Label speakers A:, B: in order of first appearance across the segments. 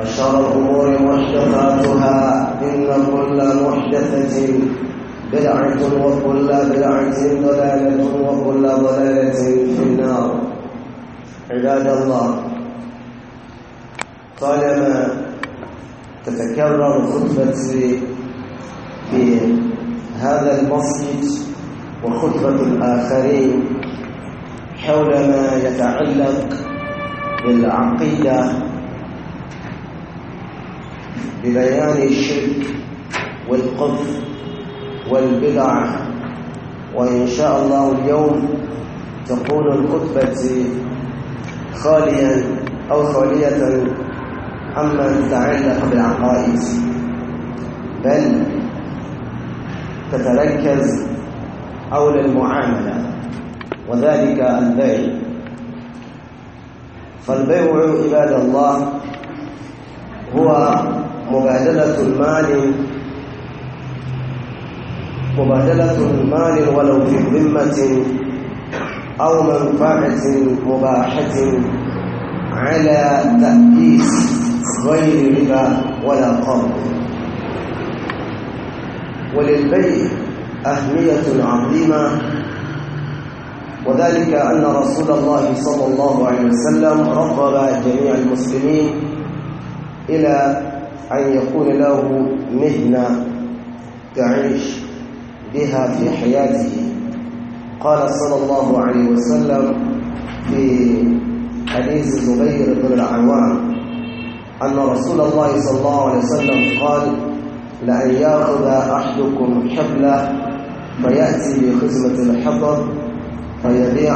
A: وشر الأمور محدثاتها إن كل محدثة بدعة وكل بدعة ضلالة وكل ضلالة في النار عباد الله طالما تتكرر خطبتي في هذا المسجد وخطبة الآخرين حول ما يتعلق بالعقيدة ببيان الشرك والكفر والبدع وإن شاء الله اليوم تكون الخطبة خاليا أو خالية عما تتعلق بالعقائد بل تتركز حول المعاملة وذلك البيع فالبيع عباد الله هو مبادلة المال مبادلة المال ولو في ذمة أو منفعة مباحة على تأسيس غير ربا ولا قرض وللبيع أهمية عظيمة وذلك أن رسول الله صلى الله عليه وسلم رغب جميع المسلمين إلى أن يكون له مهنة تعيش بها في حياته قال صلى الله عليه وسلم في حديث زبير بن العوام أن رسول الله صلى الله عليه وسلم قال لأن يأخذ أحدكم حبلة فيأتي بخزمة الحطب فيبيع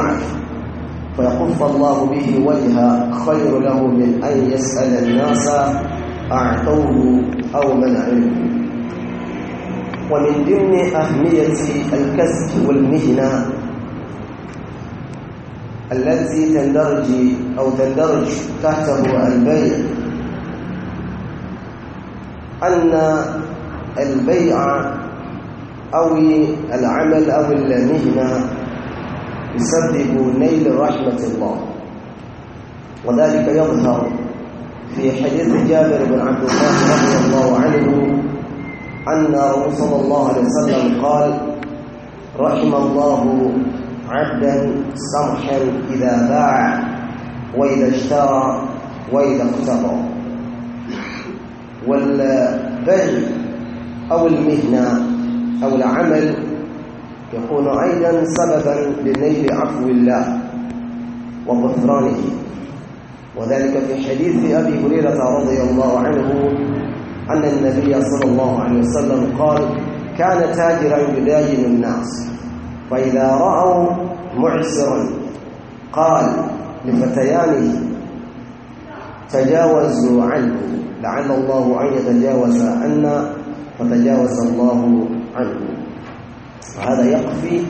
A: فيقف الله به وجه خير له من أن يسأل الناس أعطوه أو منعوه ومن ضمن أهمية الكسب والمهنة التي تندرج أو تندرج تحته البيع أن البيع أو العمل أو المهنة يسبب نيل رحمة الله وذلك يظهر في حديث جابر بن عبد الله رضي الله عنه أن رسول صلى الله عليه وسلم قال رحم الله عبدا سمحا إذا باع وإذا اشترى وإذا اقتضى والبل أو المهنة أو العمل يكون أيضا سببا لنيل عفو الله وغفرانه وذلك في حديث أبي هريرة رضي الله عنه أن النبي صلى الله عليه وسلم قال كان تاجرا يداين الناس فإذا رأوا معسرا قال لفتيانه تجاوزوا عنه لعل الله أن يتجاوز عنا فتجاوز الله عنه وهذا يكفي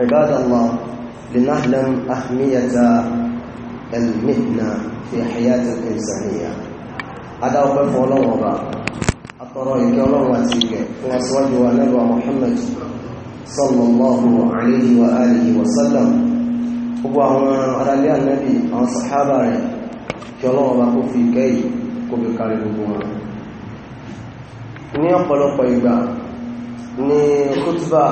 A: عباد الله لنعلم أهمية المهنة في حياة الإنسانية هذا أقف ولو وضع أطرائك ولو واتيك وأسواج ونبع محمد صلى الله عليه وآله وسلم gbogbo àwọn aráalé ànábì àwọn sàhábà rẹ̀ kí ọlọ́wọ́ bá kó fi kẹ́yì kó fi kárí gbogbo wọn ní ọ̀pọ̀lọpọ̀ ìgbà ní kútùbà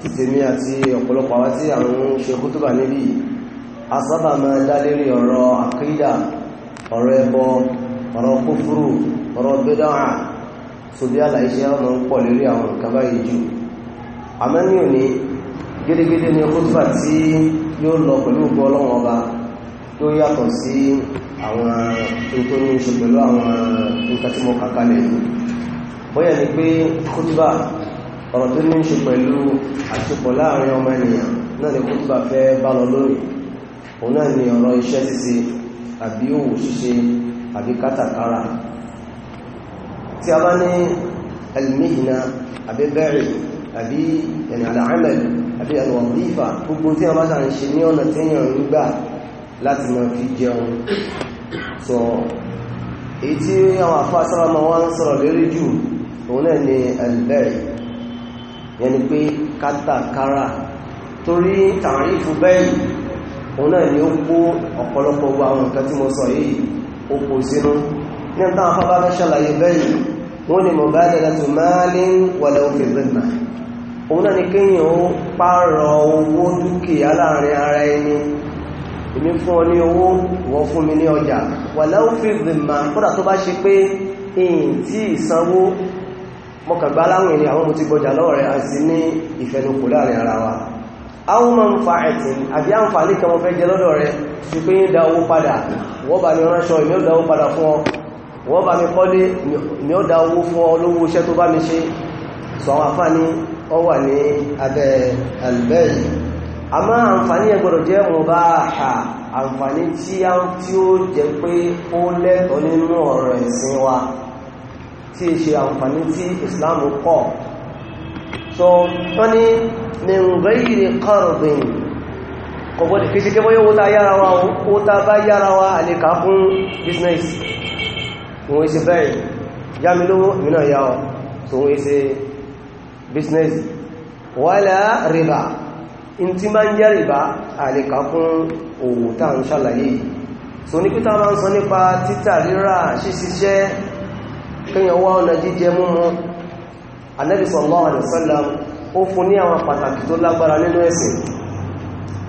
A: títèmí àti ọ̀pọ̀lọpọ̀ àwọn tí àwọn ń ṣe kútùbà níbi yìí asábà máa dá lérí ọ̀rọ̀ àkídà ọ̀rọ̀ ẹbọ ọ̀rọ̀ kúfúrú ọ̀rọ̀ bídáà tó bí àlàyé ṣe ọmọ ń pọ̀ lérí àwọn nǹkan báyìí jù àmọ́ ní òní gédégédé ni kútùbà tí yóò lọ pẹ̀lú ògbó ọlọ́wọ́n ọba tó yàtọ̀ sí àwọn tó ní ṣe pẹ̀lú àwọn nǹkan tí mo kàkà lè ní bóyá ni pé kútùbà ọ̀rọ̀ tó ní ṣe pẹ̀lú àṣepọ̀ láàrin ọmọ ènìyàn náà ni kútùbà fẹ́ bá lọ lónìí òun náà ni ọ̀rọ̀ iṣẹ́ ṣíṣe àbí òwò ṣíṣe àbí kátàkárà tí a bá ní almihna àbí bẹ́ẹ̀rẹ̀ àbí al-amal àbí al-wazifa gbogbo tí a bá sàn ṣe ní ọ̀nà tí èèyàn ń gbà láti máa fi jẹun sọ èyí tí àwọn àfáà sábà máa ń sọ̀rọ̀ lérí jù òun náà ni al-bẹ́ẹ̀rẹ̀ pé kátàkárà torí tàrífù bẹ́ẹ̀ òun náà ni ó kó ọ̀pọ̀lọpọ̀ gbogbo àwọn nǹkan tí mo sọ yìí ó kó sínú ní ọ̀tá àwọn afọ́bá ṣàlàyé bẹ́yìn wọ́n ni mubadalatu malin walau fi dhimma òun náà ni kéèyàn ó pààrọ̀ owó dúkìá láàrin ara walau fi dhimma kódà tó bá ṣe pé èyí tí ìsanwó mọ́kàngbá láwọn ènìyàn àwọn mo ti gbọjà lọ́wọ́ rẹ̀ àti ní ìfẹnukò láàrin ara wa àwọn ma ń fa ẹ̀tìn àbí àǹfààní kan wọ́n fẹ́ jẹ lọ́dọ̀ rẹ̀ ti pé ń da owó padà wọ́n bá mi ránṣọ ìmí ó da owó padà fún ọ wọ́n bá mi kọ́lé ìmí ó da owó fún ọ lówó iṣẹ́ tó bá mi ṣe sọ àwọn ọ wà ní abẹ́ so wọ́n min ghairi qardin kò gbọ́dọ̀ kí ṣe kí bóyá wóta yára wa wóta bá yára wa àlekà fún business wọ́n ṣe bẹ́ẹ̀ jámilówó mìíràn yá ọ tó wọ́n ṣe business wala riba in ti máa ń jẹ́ riba àlekà fún òwò tá ń ṣàlàyé so ní pítà máa ń sọ nípa títà rírà ṣíṣiṣẹ́ kíyàn ọ̀nà jíjẹ múmu Ànábì sallallahu ó fún ní àwọn pàtàkì tó lágbára nínú ẹ̀sìn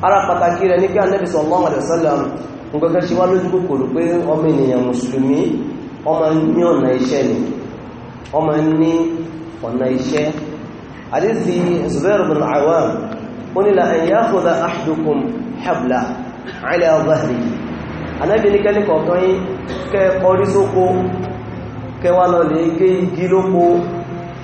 A: ara pàtàkì rẹ̀ ní pé Ànábì sallallahu alaihi wasallam nǹkankan ṣe wá lójú kòkòrò pé ọmọ ènìyàn mùsùlùmí ọmọ ní ọ̀nà iṣẹ́ ni ọmọ ní ọ̀nà iṣẹ́ àdíṣì Zubair bin Awam ó nílà an yakhudha ahadukum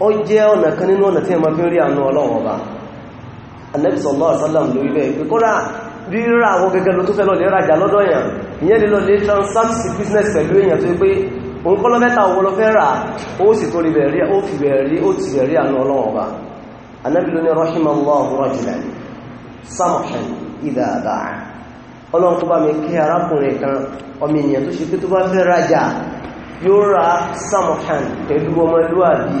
A: ó jẹ́ ọ̀nà kan nínú ọ̀nà tí ẹ ma fi rí àánú ọlọ́run ọba Ànábì sallallahu alaihi wasallam lórí bẹ́ẹ̀ pé kọ́dà rírà àwọn gẹ́gẹ́ ló tó fẹ́ lọ lè rajà lọ́dọ̀ èèyàn ìyẹn lè lọ lè transact business pẹ̀lú èèyàn tó pé òun kọ́ lọ́fẹ́ta òun lọ́fẹ́ rà ó sì tó rí bẹ̀rí ó fi bẹ̀rí ọlọ́run tó bá mi kí arákùnrin kan ọmọ ènìyàn tó ṣe pé tó bá fẹ́ rajà yóò ra samhan pẹ̀lú ọmọlúwàbí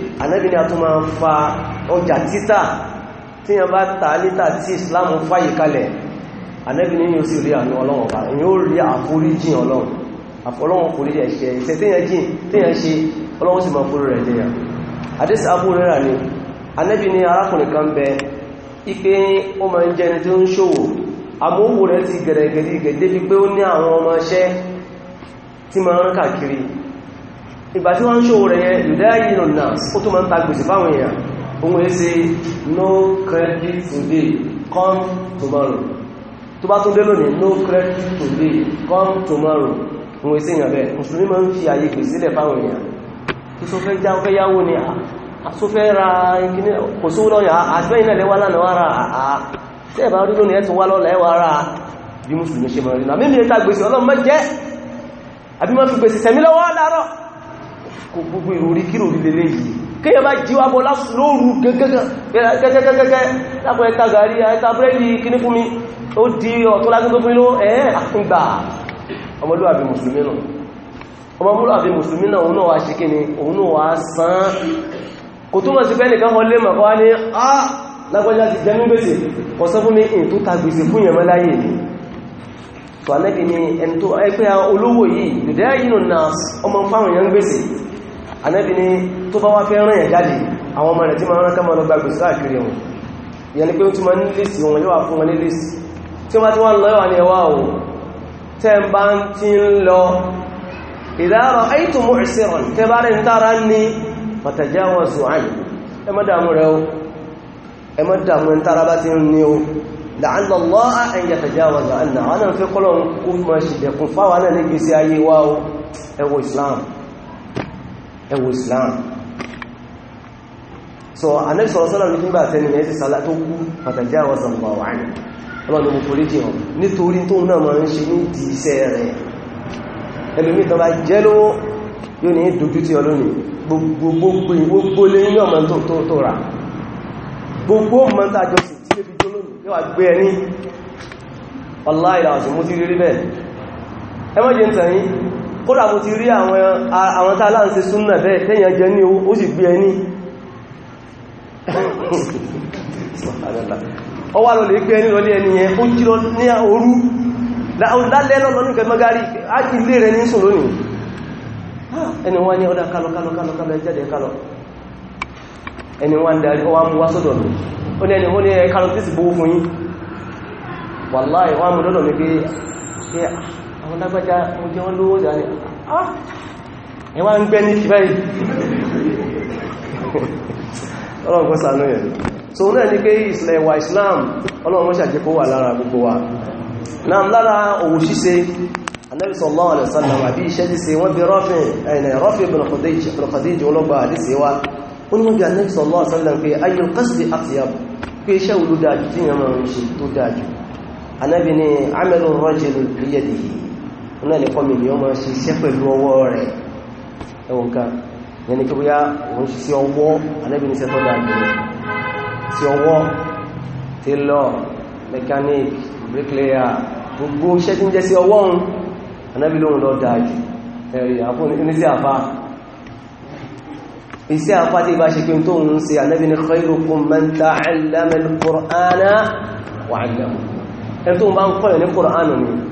A: anábì ni a tún máa ń fa ọjà títà tí yẹn bá ta lítà tí islam fàyè kalẹ̀ anábì ni yóò sì rí àánú ọlọ́run ọba èyí ó rí àforíjìn ọlọ́run àfọlọ́run forí ẹ̀ṣẹ̀ ìṣẹ́ tí yẹn jìn tí yẹn ṣe ọlọ́run sì máa forí rẹ̀ jẹyà àdísì abúrẹ́ rà ni anábì ni arákùnrin kan bẹ ipe ó máa ń jẹ ẹni tó ń ṣòwò amóhùn rẹ̀ ti gẹ̀rẹ̀gẹ̀rẹ̀ débi ń káàkiri ìgbà tí wọ́n ń ṣòwò rẹ̀ yìí nà ó tó máa ń ta gbèsè fáwọn èèyàn ohun èsè no credit today come tomorrow tó bá tún dé lónìí no credit today come tomorrow ohun èsè èèyàn bẹ́ẹ̀ mùsùlùmí máa ń fi àyè gbèsè lẹ̀ fáwọn èèyàn tó sọ fẹ́ já fẹ́ yáwó ni àṣó fẹ́ ra ìkíní kò sówó lọ́yà àṣẹ́ ìnà lẹ́wà lánàá wára àá tẹ́ ìbá rí lónìí ẹ̀tún wá lọ́la ẹwà ara bí mùsùlùmí ṣe mọ̀ rí náà mímí ẹta gbèsè ọlọ́mọ jẹ́ àbí mọ́ fi gbèsè sẹ̀mí lọ́wọ́ láàárọ̀ kò gbogbo ìròrí kí ròrí lè léyìí kíyà bá jíwá bọ́ lóòrù gẹ́gẹ́gẹ́gẹ́gẹ́ lápọ̀ ẹta gàrí ẹta búrẹ́dì kíní fún mi ó di ọ̀tọ́ lágbẹ́gbẹ́ fún ilú ẹ̀ àfúngbà ọmọlúwàbí mùsùlùmí náà ọmọlúwàbí mùsùlùmí náà òun náà wá ṣe kíni òun náà wá sán kò túnmọ̀ sí fẹ́nìkan kan lè mọ̀ wá ní á lágbọ́já ti jẹ́ nígbèsè kọ sọ fún mi in tó ta gbèsè fún yẹ̀mọ́ láyé ni tó anẹ́bì ni ẹni tó ẹgbẹ́ olówó yìí lùdẹ́ yìí nù náà ọmọ fáwọn yẹn gbèsè anẹ́bí ni tó bá wá fẹ́ rán yẹn jáde àwọn ọmọ rẹ̀ tí ma rán ká ma lọ gbàgbé sáàkiri wọn ìyẹn ni pé ó ti ma ní lèsì wọn yóò wà fún wọn ní lèsì tí wọ́n ti wá lọ wà ní ẹwà o tẹ́ ń bá ti ń lọ ìdárọ̀ àìtò mú tẹ́ bá rẹ̀ ń tára الله ان يتجاوز عنا انا في قولهم كل ما شدكم فوانا نجي هو اسلام ẹwọ islam so anẹ́bí sọ̀rọ̀ sọ́lọ̀ nígbà tẹ́ni ẹ̀ sì sálá tó kú pàtàkì àwọn sọ̀rọ̀ wà ní ọlọ́run mo forí jì hàn nítorí tó náà máa ń ṣe ní ìdí iṣẹ́ rẹ̀ ẹlòmí tọba jẹ́ lówó yóò ní dojú tí ọlọ́ni ní ọmọ tó kódà mo ti rí àwọn tàà láà ń ṣe súnnà bẹ́ẹ̀ tẹ́yàn jẹ ní ó sì gbé ẹni ọ lọ lè gbé ẹni lọlé ẹni yẹn ó jí lọ ní lálẹ́ ní kẹmọ́gárí á ti lé rẹ ní ẹni wá ní ọdá àwọn lágbàjá mo jẹ wọ́n lówó ìdáni ah! ẹwà ń gbẹ́ ní kí báyìí ọlọ́run kọ́ sànú ẹ̀ so náà ní pé ìsìlẹ̀ ìwà Islam ọlọ́run mọ́ ṣàjẹ́ kó wà lára gbogbo wa náà lára òwò ṣíṣe Ànábì sallallahu alaihi wasallam àbí iṣẹ́ ṣíṣe wọ́n bí rọ́fin ẹ̀nà rọ́fin bìnàkọ̀dẹ́jì ọlọ́gbà àdíṣẹ́ wa ó ní wọ́n bí Ànábì sallallahu alaihi wasallam pé ayyul qasdi atyab pé iṣẹ́ olùdájú tí yẹn máa ń ṣe tó dájú Ànábì ni amalu rajul biyadihi náà ní kọ́mì ni ó máa ṣe iṣẹ́ pẹ̀lú ọwọ́ rẹ̀ ẹwọ̀n ká yẹn ni kí bóyá òun ṣe sí ọwọ́ alẹ́bìnrin iṣẹ́ tó dáadé sí ọwọ́ tailor mechanic bricklayer gbogbo iṣẹ́ tí ń jẹ́ sí ọwọ́ òun anábì lóhun lọ dáadé ẹ̀rì àfúnisí àfá iṣẹ́ àfá tí bá ń ṣe anábì ní khairukum man ni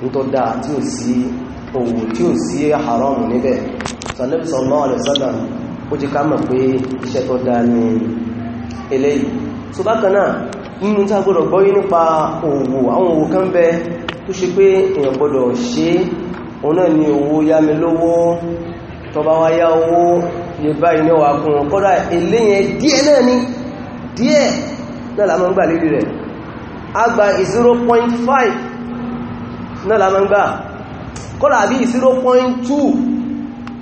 A: nítorí dáa tí ò sí òwò tí ò sí haram níbẹ̀ sànẹ́bí sallallahu alaihi wasallam ó ti ká mọ̀ pé iṣẹ́ tó dáa ní eléyìí so bákan náà nínú tí a gbọ́dọ̀ gbọ́yí nípa òwò àwọn òwò kan bẹ tó ṣe pé èèyàn gbọ́dọ̀ ṣe òun náà ni owó yámi lówó tó bá wá yá owó lè báyìí ní wà kún kọ́dá eléyẹn díẹ̀ náà ni díẹ̀ náà lámọ́ gbà lérí rẹ̀ a gba 0.5 náà la máa ń gbà kọ́lá bí 0.2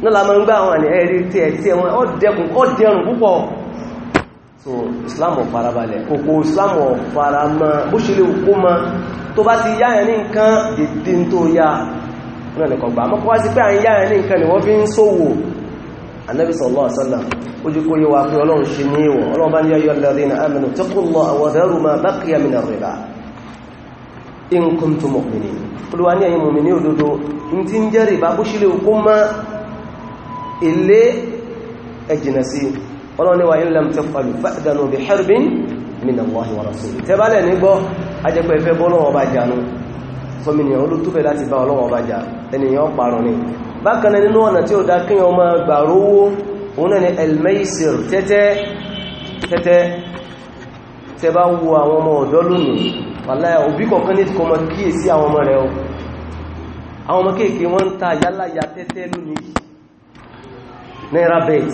A: náà la máa ń gbà wọn ni ẹ̀rí tí ẹ̀ tí ẹ̀wọ̀n ọ̀dẹ̀kùn ọ̀dẹ̀rùn púpọ̀ so Islam farabalẹ̀ kòkò Islam faramọ́ bó ṣe lè kó ma tó bá ti yáyẹ ní nǹkan dèdè tó yá náà lè kọgbà mọ́kọ́ wá sí pé à ń yáyẹ ní nǹkan ni wọ́n fi ń ṣòwò Ànábì sallallahu alaihi wasallam ojú kó yíwa pé Ọlọ́run ṣe ní ìwọ̀ in kuntum mu'minin olúwa ayi ẹ̀yin mọ̀mìnì òdodo ní tí ń jẹ́ rìbá bó ṣílẹ̀ wa in lam taf'alu fa'danu bi harbin min Allahi wa rasulihi tẹ́bálẹ̀ nígbọ́ ajẹ́pẹ́ fẹ́ bọ́ lọ́wọ́ bá jánu fọmìnìyàn olótúfẹ́ láti bá ọlọ́wọ́ bá já ènìyàn parun ni bákan náà nínú ọ̀nà tí ó dá ni wu wàlá òbí kọ̀ọ̀kan ní ìtìkọ́ ọmọ kíyè sí àwọn ọmọ rẹ̀ o àwọn ọmọ kéèké wọ́n ń ta yálàyà tẹ́tẹ́ lónìí náírà bet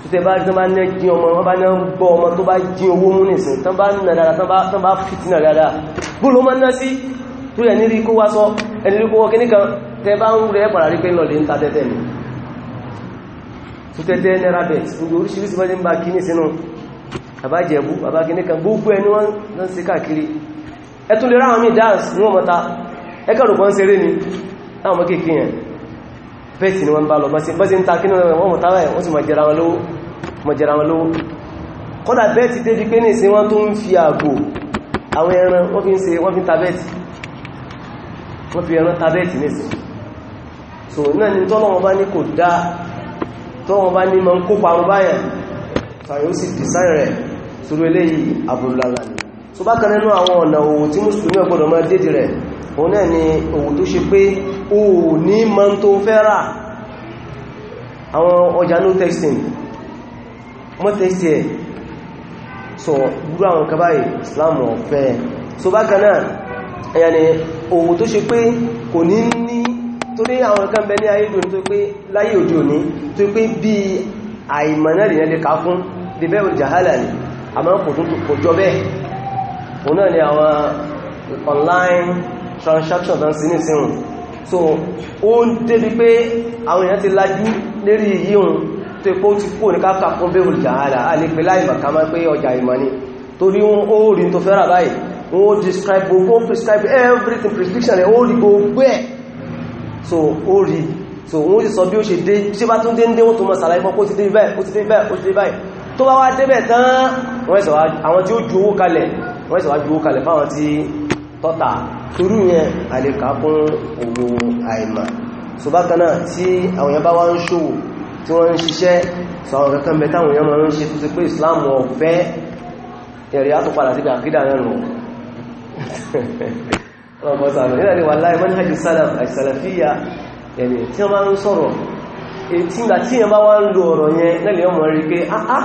A: tó tẹ́ bá rí tán bá ní jí ọmọ wọ́n bá ní gbọ́ ọmọ tó bá jí owó mú nìsìn tán bá nà dára tán bá fìtínà dára bóòlù ọmọ náà sí tó yẹ nírí kó wá sọ ẹni rí kó wọ́ bá bàbá jẹ̀bú bàbá kìníkan gbogbo ẹni wọ́n ń ṣe káàkiri ẹtún lè ráwọn mí dáàsì ní wọ́n mọ́ta ẹkẹ̀rùgbọ́n ṣeré ni láwọn mọ́kèkè yẹn bẹ́ẹ̀sì ni wọ́n bá lọ bọ́sí ń ta kí wọ́n mọ̀ta rẹ̀ wọ́n sì mọ̀ jẹra wọn lówó kọ́dà bẹ́ẹ̀tì débi pé ní ìsin wọ́n tó ń fi àgbò àwọn ẹran wọ́n fi ń ṣe wọ́n fi ń ta bẹ́ẹ̀tì wọ́n fi ẹran ta bẹ́ẹ̀tì ní ìsin so náà ni tọ́lọ́wọ́n bá ní kò dá tọ́wọ́n sì dìsáì rẹ̀ sórí eléyìí àbúrúlára ni tó bá kan nínú àwọn ọ̀nà òwò tí mùsùlùmí ọgbọ́dọ̀ máa dédì rẹ̀ òun náà ni òwò tó ṣe pé o ní ma ń tó fẹ́ rà àwọn ọjà no texting mọ́ texting ẹ̀ sọ gúrú àwọn kabáyì Islam ọ̀fẹ́ tó bá kan náà ẹ̀yà ni òwò tó ṣe pé kò ní ní torí àwọn nǹkan bẹ ní ayédùn tó pé láyé òjò ní tó pé bí àìmọ̀ àmọ́ kò jọ bẹ́ẹ̀ òun náà ni àwọn online transaction tán sí ní síhùn so ó ń débi pé àwọn èèyàn ti lajú lérí yíhun tó ipò ti kú ní káàkà fún bẹ́ẹ̀ olùjà ààlà àlepẹ́ láìmọ̀ ká máa pé ọjà ìmọ̀ ni torí wọn ó rí tó fẹ́rà báyìí wọn ó describe gbogbo prescribe everything prescription rẹ̀ ó rí gbogbo ẹ̀ so ó rí so wọ́n ti sọ bí ó ṣe dé tí bá tún dé ń dé wọ́n tó mọ́ sàlàyé fún kó ti dé báyìí ó ti dé báyìí ó ti dé báyìí tó bá wá débẹ̀ tán àwọn tí ó ju owó kalẹ̀ wọ́n ìsọ̀wá ju owó kalẹ̀ fáwọn tí tọ́ta torú yẹn àlèkà fún owó àìmà so bákanáà tí àwọn yẹn bá wá ń ṣòwò tí wọ́n ń ṣiṣẹ́ sọ̀rọ̀ kankan bẹ táwọn yẹn Islam ọ̀fẹ́ ẹ̀rí àtúpadà sí àkídà náà nù ọmọ sàrọ̀ nílẹ̀ ni wà láì mọ́ ní hajji salaf àìsàlàfíyà ẹ̀mì tí wọ́n bá ń sọ̀rọ̀ ètí ìgbà tí yẹn bá wá ń lo ọ̀rọ̀ yẹn lẹ́lẹ̀ ọmọ rí pé áá ah, ah,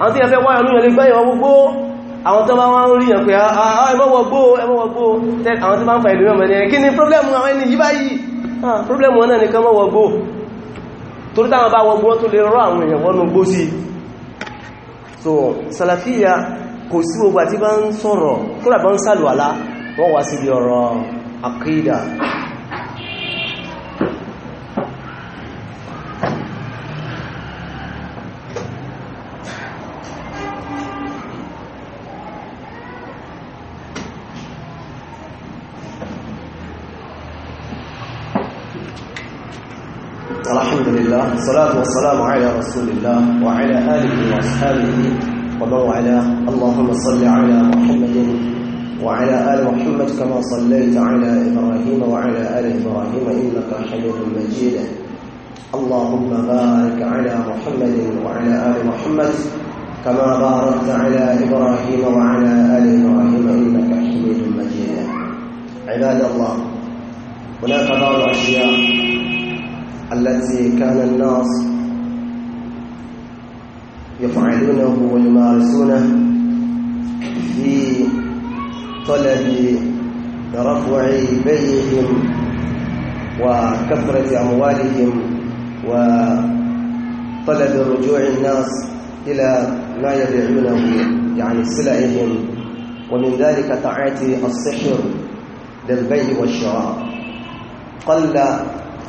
A: àwọn tí ẹ fẹ́ wáyàn lóyàn lè gbáyàn wọn gbogbo àwọn tó bá wọ́n ń rí yàn pé ah, ah, ah, ẹmọ́wọ̀gbó ẹmọ́wọ̀gbó àwọn tó bá ń fa ìlú problem àwọn ni kan mọ́wọ̀gbó torí táwọn bá wọgbó tó lè rọ àwọn èèyàn so salafiya kò sí gbogbo àti bá ń sọ̀rọ̀ kúrò bá ń sàlùwàlá wọ́n wá sí ọ̀rọ̀ àkídà والصلاة والسلام على رسول الله وعلى آله وأصحابه ومن على اللهم صل على محمد وعلى آل محمد كما صليت على إبراهيم وعلى آل إبراهيم إنك حميد مجيد اللهم بارك على محمد وعلى آل محمد كما باركت على إبراهيم وعلى آل إبراهيم إنك حميد مجيد عباد الله هناك بعض الأشياء التي كان الناس يفعلونه ويمارسونه في طلب رفع بيهم وكثرة أموالهم وطلب رجوع الناس إلى ما يبيعونه يعني سلعهم ومن ذلك تعاتي السحر للبيع والشراء قل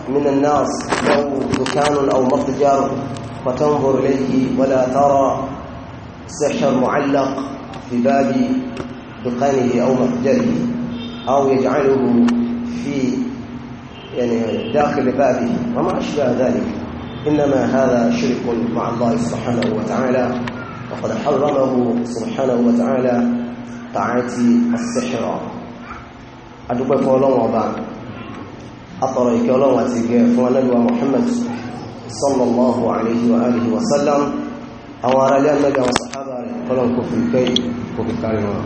A: من الناس له دكان أو متجر فتنظر إليه ولا ترى سحر معلق في باب دكانه أو متجره أو يجعله في يعني داخل بابه وما أشبه ذلك إنما هذا شرك مع الله سبحانه وتعالى وقد حرمه سبحانه وتعالى طاعة السحر أدوبة فولون وبعد atọ̀rọ̀ ìkẹ́ ọlọ́run àti ìgẹ̀ fún anábíwa Muhammad sallallahu alayhi wa alihi wa sallam àwọn ará ilé anábí àwọn sàhábà rẹ̀ kọ́lọ̀ kò fi ìkẹ́ kò fi kárí wọn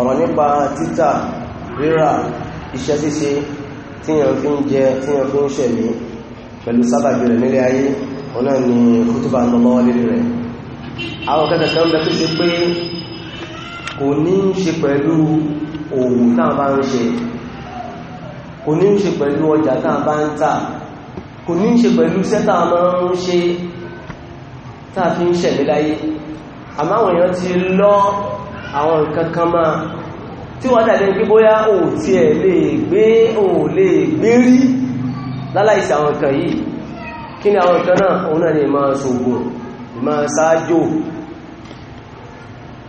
A: ọ̀rọ̀ nípa títà rírà iṣẹ́ ṣíṣe tí yàn fi ń jẹ tí yàn fi ń ṣẹ̀mí pẹ̀lú sábàbí kò ní ń ṣe pẹ̀lú ọjà táà bá ń tà kò ní ń ṣe pẹ̀lú iṣẹ́ táà máa ń ṣe táà fi ń ṣẹ̀lẹ̀ láyé àmọ́ àwọn èèyàn ti lọ àwọn nǹkan kan máa tí wọ́n dàbí pé bóyá ò tí ẹ̀ lè gbé ò lè gbé rí láláìsí àwọn nǹkan yìí kí ni àwọn nǹkan náà òun náà ni ìmọ̀ ṣògùn ìmọ̀ ṣáájò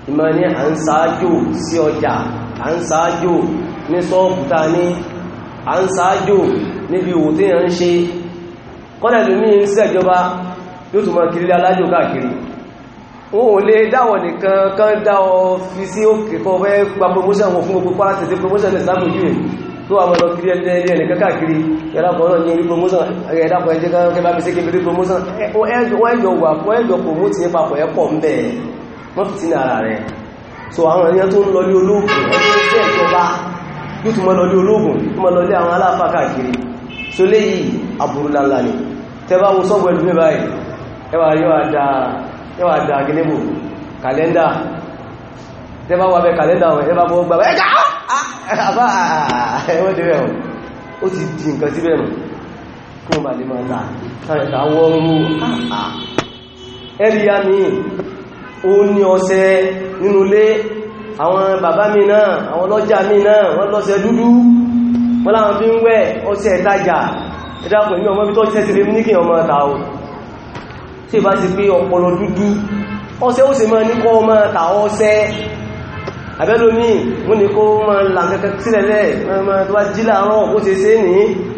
A: ìmọ̀ ni à ń ṣáájò sí ọjà à ń ṣáájò ní sọ́ọ̀pù ta ní à ń sáájò níbi òwò tí yàn ń ṣe kọ́nà lómi ń sẹ́jọba yóò tún máa kiri alájò káàkiri wọn lè dáwọ̀ nìkan kan dá ọ fi sí òkè kan fẹ́ gba promotion wọn fún gbogbo para tètè promotion ní ìsìlámù yìí tó àwọn lọ kiri ẹni ẹnìkan káàkiri ẹ̀dàpọ̀ náà ní orí promotion ẹ̀dàpọ̀ ẹjẹ́ kan kẹba mi sí kí n fi promotion wọ́n ẹjọ wà fún ẹjọ promote nípa pọ̀ ẹ̀pọ̀ ń bẹ̀ wọ́n fi tí ní ara rẹ̀ so àwọn ènìyàn tó ń lọ ní olóògùn ẹgbẹ́ ìjọba yóò tún mọ́ lọlé ológun tó mọ́ lọlé àwọn aláfà káàkiri so lé yìí àbúrúláńlá ni tẹbá wo sọ́gbọ̀ ẹlùmí báyìí ẹwà yóò dáa gẹ́lẹ́bù kàlẹ́ndà tẹbá wà bẹ kàlẹ́ndà wọn ẹbá bọ́ gbà ẹgbà ẹ̀rí àwọn bàbá mi náà àwọn lọ́jà mi náà wọ́n lọ́sẹ̀ dúdú wọ́n láwọn fi ń wẹ́ ọṣẹ ìtajà ẹ̀dàkùn ní ọmọ bí tó ṣẹ́ sí ní kí ọmọ ta o tí bá ti pé ọpọlọ dúdú ọṣẹ ó sì máa ní kọ́ ọmọ ta ọṣẹ àbẹ́lómi ni kó máa là kẹ́kẹ́ sílẹ̀lẹ̀ tó bá jí láàárọ̀ ó ṣe ṣe ní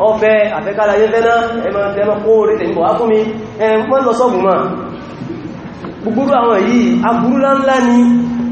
A: ọfẹ́ àfẹ́kára yẹ́ fẹ́ náà ẹmọ tẹ́mọ kó rí tẹ̀yìn bọ̀ wá fún mi ẹ mọ́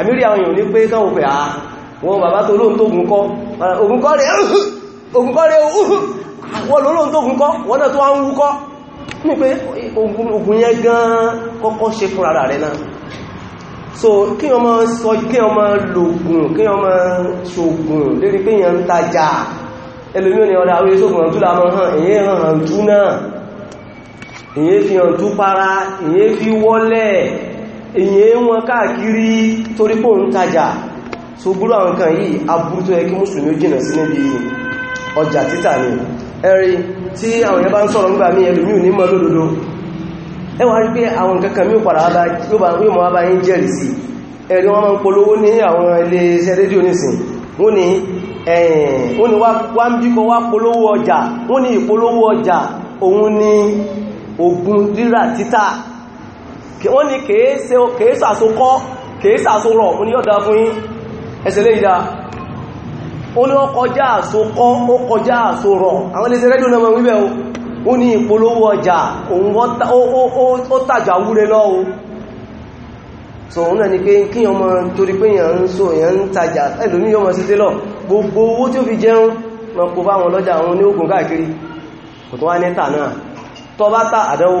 A: àmìrí àwọn èèyàn ní pé káwọn pẹ̀ àà ah, wọn bàbá tó lóòun tó gùnkọ́ rẹ̀ uh, ògùnkọ́ rẹ̀ uh, wọ́n lóòun tó wọ́n náà tó wá ń wúkọ́ ní pé ògùn yẹn gan kọ́kọ́ ṣe fún ara rẹ̀ náà so kí ọmọ sọ kí lérí pé yẹn ń tajà ẹlòmí ò ní èyàn wọn káàkiri torí pò ń tajà so búrú àwọn kan yìí aburú tó yẹ mùsùlùmí jìnà sí níbi ọjà títà ni ẹ̀rí tí àwọn yẹn bá ń sọ̀rọ̀ nígbà mí ẹlùmí ò ní mọ́ lódodo ẹ wá rí pé àwọn kankan mí ò padà wá bá yín jẹ́rìí sí ẹ̀rí wọn máa polówó ní àwọn ilé rédíò nísìn wọ́n ni ẹ̀yìn wọ́n ni wá ń bí kọ wá polówó ọjà wọ́n ni ìpolówó ọjà òun ni ogun rírà títà wọ́n ni kèésàsó kọ́ kèésàsó rọ̀ mú ní ọ̀dá fún yín ẹsẹ̀ lè ìdá ó ní ọkọjá àsó kọ́ ó kọjá àsó rọ̀ àwọn ilé sẹ́rẹ́dùn náà wíbẹ̀ ó ní ìpolówó ọjà o ó tàjà wúre lọ́wọ́ so òun náà ni pé kí ọmọ torí pé èèyàn ń so èèyàn ń tàjà ẹlòmí ọmọ sí tẹ́lọ̀ gbogbo owó tí ó fi jẹun wọn kò bá wọn lọ́jà àwọn oníògùn káàkiri kò tó wá nẹ́ta náà tọ́ bá tà àdánwò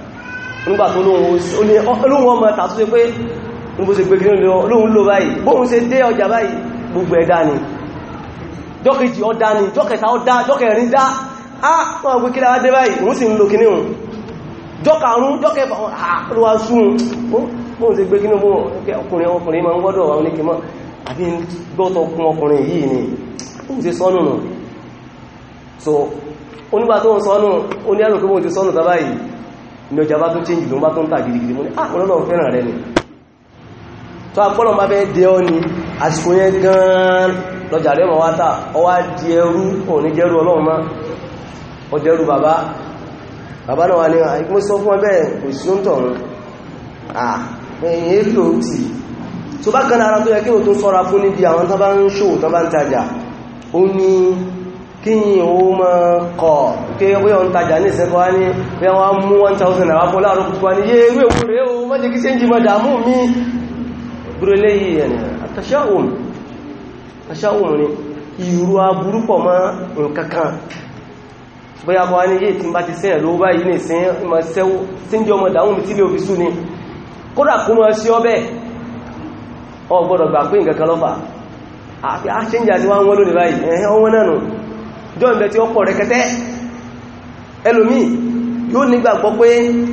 A: nígbà tó lóhun ọmọ tàtú sí pé níbo se gbégé lóhun ló báyìí bóhun se dé ọjà báyìí gbogbo ẹ̀dá ni jọ́kejì ọdá ni jọ́kẹta ọdá jọ́kẹrin dá á wọ́n gbé kílára dé báyìí òun sì ń lo kìnnìún jọ́kàrún jọ́kẹfà àrùwá sún bóhun se gbégé ọkùnrin ọkùnrin ma ń gbọ́dọ̀ àwọn oníkìmọ́ àbí gbọ́tọ̀ kún ọkùnrin yìí ni bóhun se sọ́nù nù so onígbà tó ń sọ́nù oníyàrùn pé bóhun se sọ́nù tàbáyìí ní ọjà bá tún change ló bá tún tà gidigidi mú ní àpọ̀lọ́lọ́ ah, fẹ́ràn rẹ ni tó àpọ́lọ́ bá fẹ́ dẹ ọ ni àsìkò yẹn gan lọ́jà rẹ̀ mọ̀ wá tà ọwá di ẹrú òní jẹ́rú ọlọ́run má ọ jẹ́rú bàbá bàbá náà wà ní àìkú sọ fún ẹbẹ́ kò sí ó ń tọ̀run èyí ló tì tó bá kan ara tó yẹ kí o tó sọ́ra fún níbi àwọn tó bá ń ṣòwò tó bá ń tajà kí yìí ó mọ́ kọ̀ pé bóyá ń tajà ní ìsẹ́kọ́ wá ní bí wọ́n mú 1000 náírà láàrùn kùtù ní yé ewé owó rẹ̀ o mọ́ jẹ́ kí sẹ́njì mọ́ dàmú mi dúró léyìí ẹ̀nà àtàṣáwòm ni ìrù aburúpọ̀ mọ́ nǹkankan bóyá kọ́ a ní yé tí bá ti na lówó ni dọ́ọ̀bẹ̀ tí ó pọ̀ rẹ̀kẹ́tẹ́ ẹlòmí yóò nígbàgbọ́ pé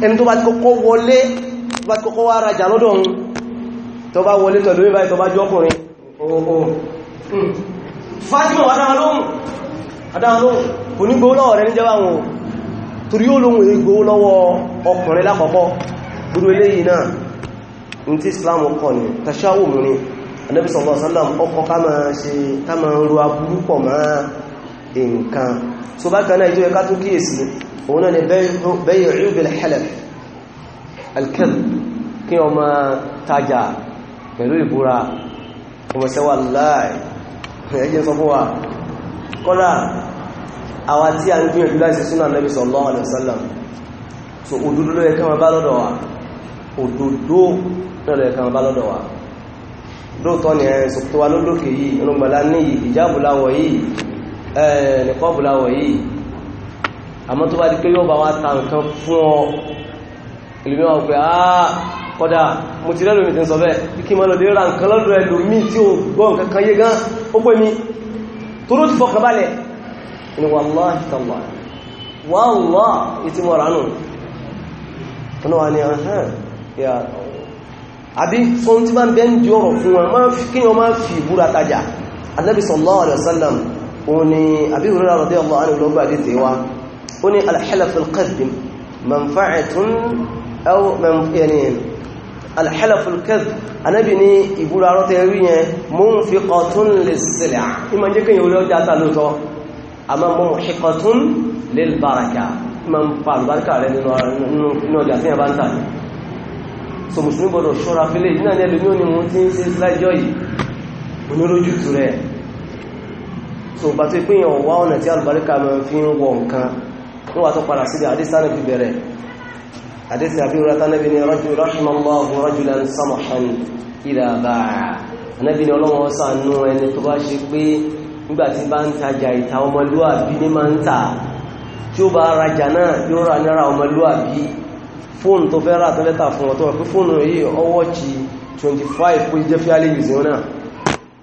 A: ẹni tó bá ti kọ́kọ́ wọlé tó bá ti kọ́kọ́ wá rajà lọ́dọ̀ ohun tó bá wọlé tọ̀dọ̀ mí báyìí tó bá jọ ọkùnrin Fátímọ̀ adáwọlóhùn onígbówó lọ́wọ́ rẹ̀ níjẹ́ báwọn torí ó lóhun ìgbówó lọ́wọ́ ọkùnrin lákọ̀ọ́kọ́ gbogbo eléyìí náà ní tí Islam kọ̀ ní tàṣáwò mú ní Ànábì sallallahu alaihi wasallam ọkọ̀ ká máa ṣe ká máa ń ro aburú pọ̀ máa nǹkan so bákan náà ìjọ́ ẹka tó kíyèsí òun náà ni bẹ́yẹ̀ ríbil halaf alkal kí wọ́n máa tajà pẹ̀lú ìbúra ọmọsẹ́wà láì ẹgbẹ́ sọ fún wa kọ́lá àwa tí a ń gbìyànjú láti súnà Nabi sallallahu alaihi wasallam so òdòdó ló yẹ kí wọ́n bá lọ́dọ̀ wa òdòdó nìkọ́bù láwọ̀ yìí àmọ́ tó bá di pé yóò bá wá ta nǹkan fún ọ ìlúmí wọn pé àá ah, kọ́dà mo ti lẹ́lòmí ti ń sọ bẹ́ẹ̀ bí kí mọ́lọ́dé ra nǹkan lọ́dọ̀ ẹlòmí tí ó gbọ́ nǹkan kan yé gan ó pè mí tó ló ti fọkàn balẹ̀ ni wàláhì tàwà wàlá ìtí mọ̀ ránù ọ̀nà wà ní ahán ya àbí fún tí bá ń bẹ́ ń di ọ̀rọ̀ fún wọn kí wọ́n máa fi ìbúra tajà Ànábì sallallahu alaihi وني أبي هريرة رضي الله عنه لو بعد سوا وني الحلف القذب منفعة أو من يعني الحلف الكذب أنا بني يقول عرضي وين منفقة للسلع إما جاك يقول جاتا لوتو أما منحقة للبركة من فالبركة لأنه جاتين بانتاني so musulmi gbọdọ̀ ṣọ́ra fílẹ̀ nínú ẹlùmí ò ní mú tí ń ṣe sílájọ́ yìí oníròjútù rẹ̀ so bá tó pé yàn wá ọ̀nà tí alùbáríkà mọ̀ fi ń wọ nǹkan ní wà tó padà síbi àdísánà fi bẹ̀rẹ̀ àdísánà bí rẹ̀ tánàbí ni rọ́jù rahimallahu rajulan samahan idha ba'a anábí ni ọlọ́wọ́ sànú ẹni tó bá ṣe pé nígbà tí bá ń tajà ìta ọmọlúàbí ní máa ń tà tí ó bá rajà náà yóò rà nára ọmọlúàbí fóònù tó fẹ́ rà tó lẹ́tà fún ọ tó wà pé fóònù yìí 25 kó jẹ́ fíálì yìí náà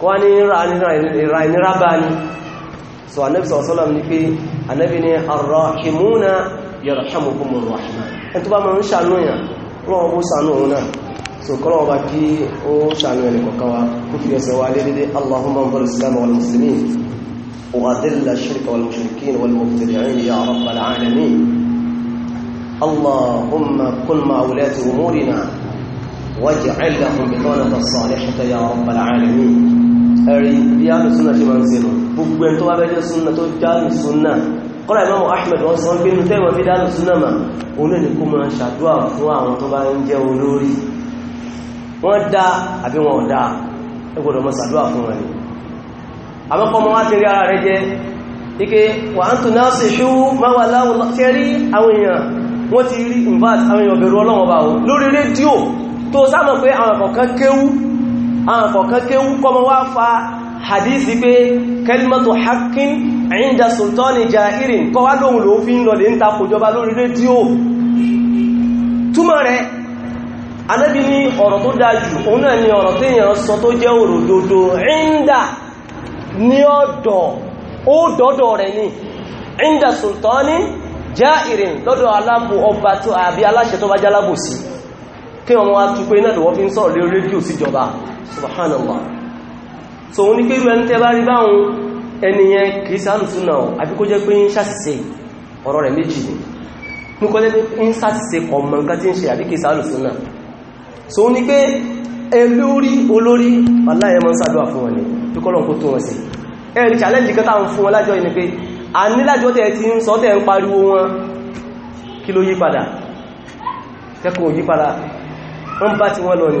A: kọ́ ní ìrà ìnira bá ní so anábi sọ̀sọ́lọ̀ ní pé anábi ní arrahimuna yarhamukumur rahman ẹni tó bá mọ̀ ń ṣàánú èèyàn lọ́wọ́ bó ṣàánú òun náà so kọ́ lọ́wọ́ bá kí ó اللهم كن مع ولاة أمورنا واجعل لهم بطانة صالحة يا رب العالمين rí bí alùsúnà ṣe máa ń sinú gbogbo ẹ̀ tó wá bẹ́jẹ́ súnà tó dánù súnà kọ́lá Imam Ahmed wọ́n sọ pé tẹ́wọ̀n fi dánù súnà mà òun ní kó máa ṣàdúrà fún àwọn tó bá ń jẹ́ olórí wọ́n dá àbí wọn ò dá ẹ gbọ́dọ̀ máa ṣàdúrà fún wọn ni àmọ́kọ́ ọmọ wá ti rí ara rẹ jẹ́ ike wà á ń tún náà sì ṣú tó sámọ̀ pé àwọn ọ̀kọ̀ọ̀kan kéwú afọ kọ̀kan kéwú kọmọ wá fa hadisi pé kalimatu hakkin inda sultani ja'irin kọ lóhun ló fi ń lọ lè ń takò jọba lórí rédíò túmọ̀ rẹ̀ anábi ní ọ̀rọ̀ tó dájú òun náà ni ọ̀rọ̀ tí èèyàn inda ni inda sultani fi ń sọ̀rọ̀ rédíò síjọba subhanallah so wọ́n ní pé ìrù ẹni tẹ́ bá rí báhùn ẹniyẹn kìí sàálùsúnà àbí kó jẹ́ pé ń ṣàṣìṣe ọ̀rọ̀ rẹ̀ méjì ni mú kọ́ jẹ́ pé ń ṣàṣìṣe ọmọ nǹkan tí ń ṣe àbí kìí sàálùsúnà so wọ́n ní pé olórí olórí aláyẹmọ́ sàdúwà fún wọn ni tí kọ́lọ̀ kó tó wọn sí ẹ̀rì challenge kan táwọn fún wọn lájọ́ yìí ni pé a ní lájọ́ tẹ́ ti ń sọ tẹ́ ń pariwo wọn kí ló yípadà tẹ́kùn òyípadà wọ́n bá ti wọ́n lọ ni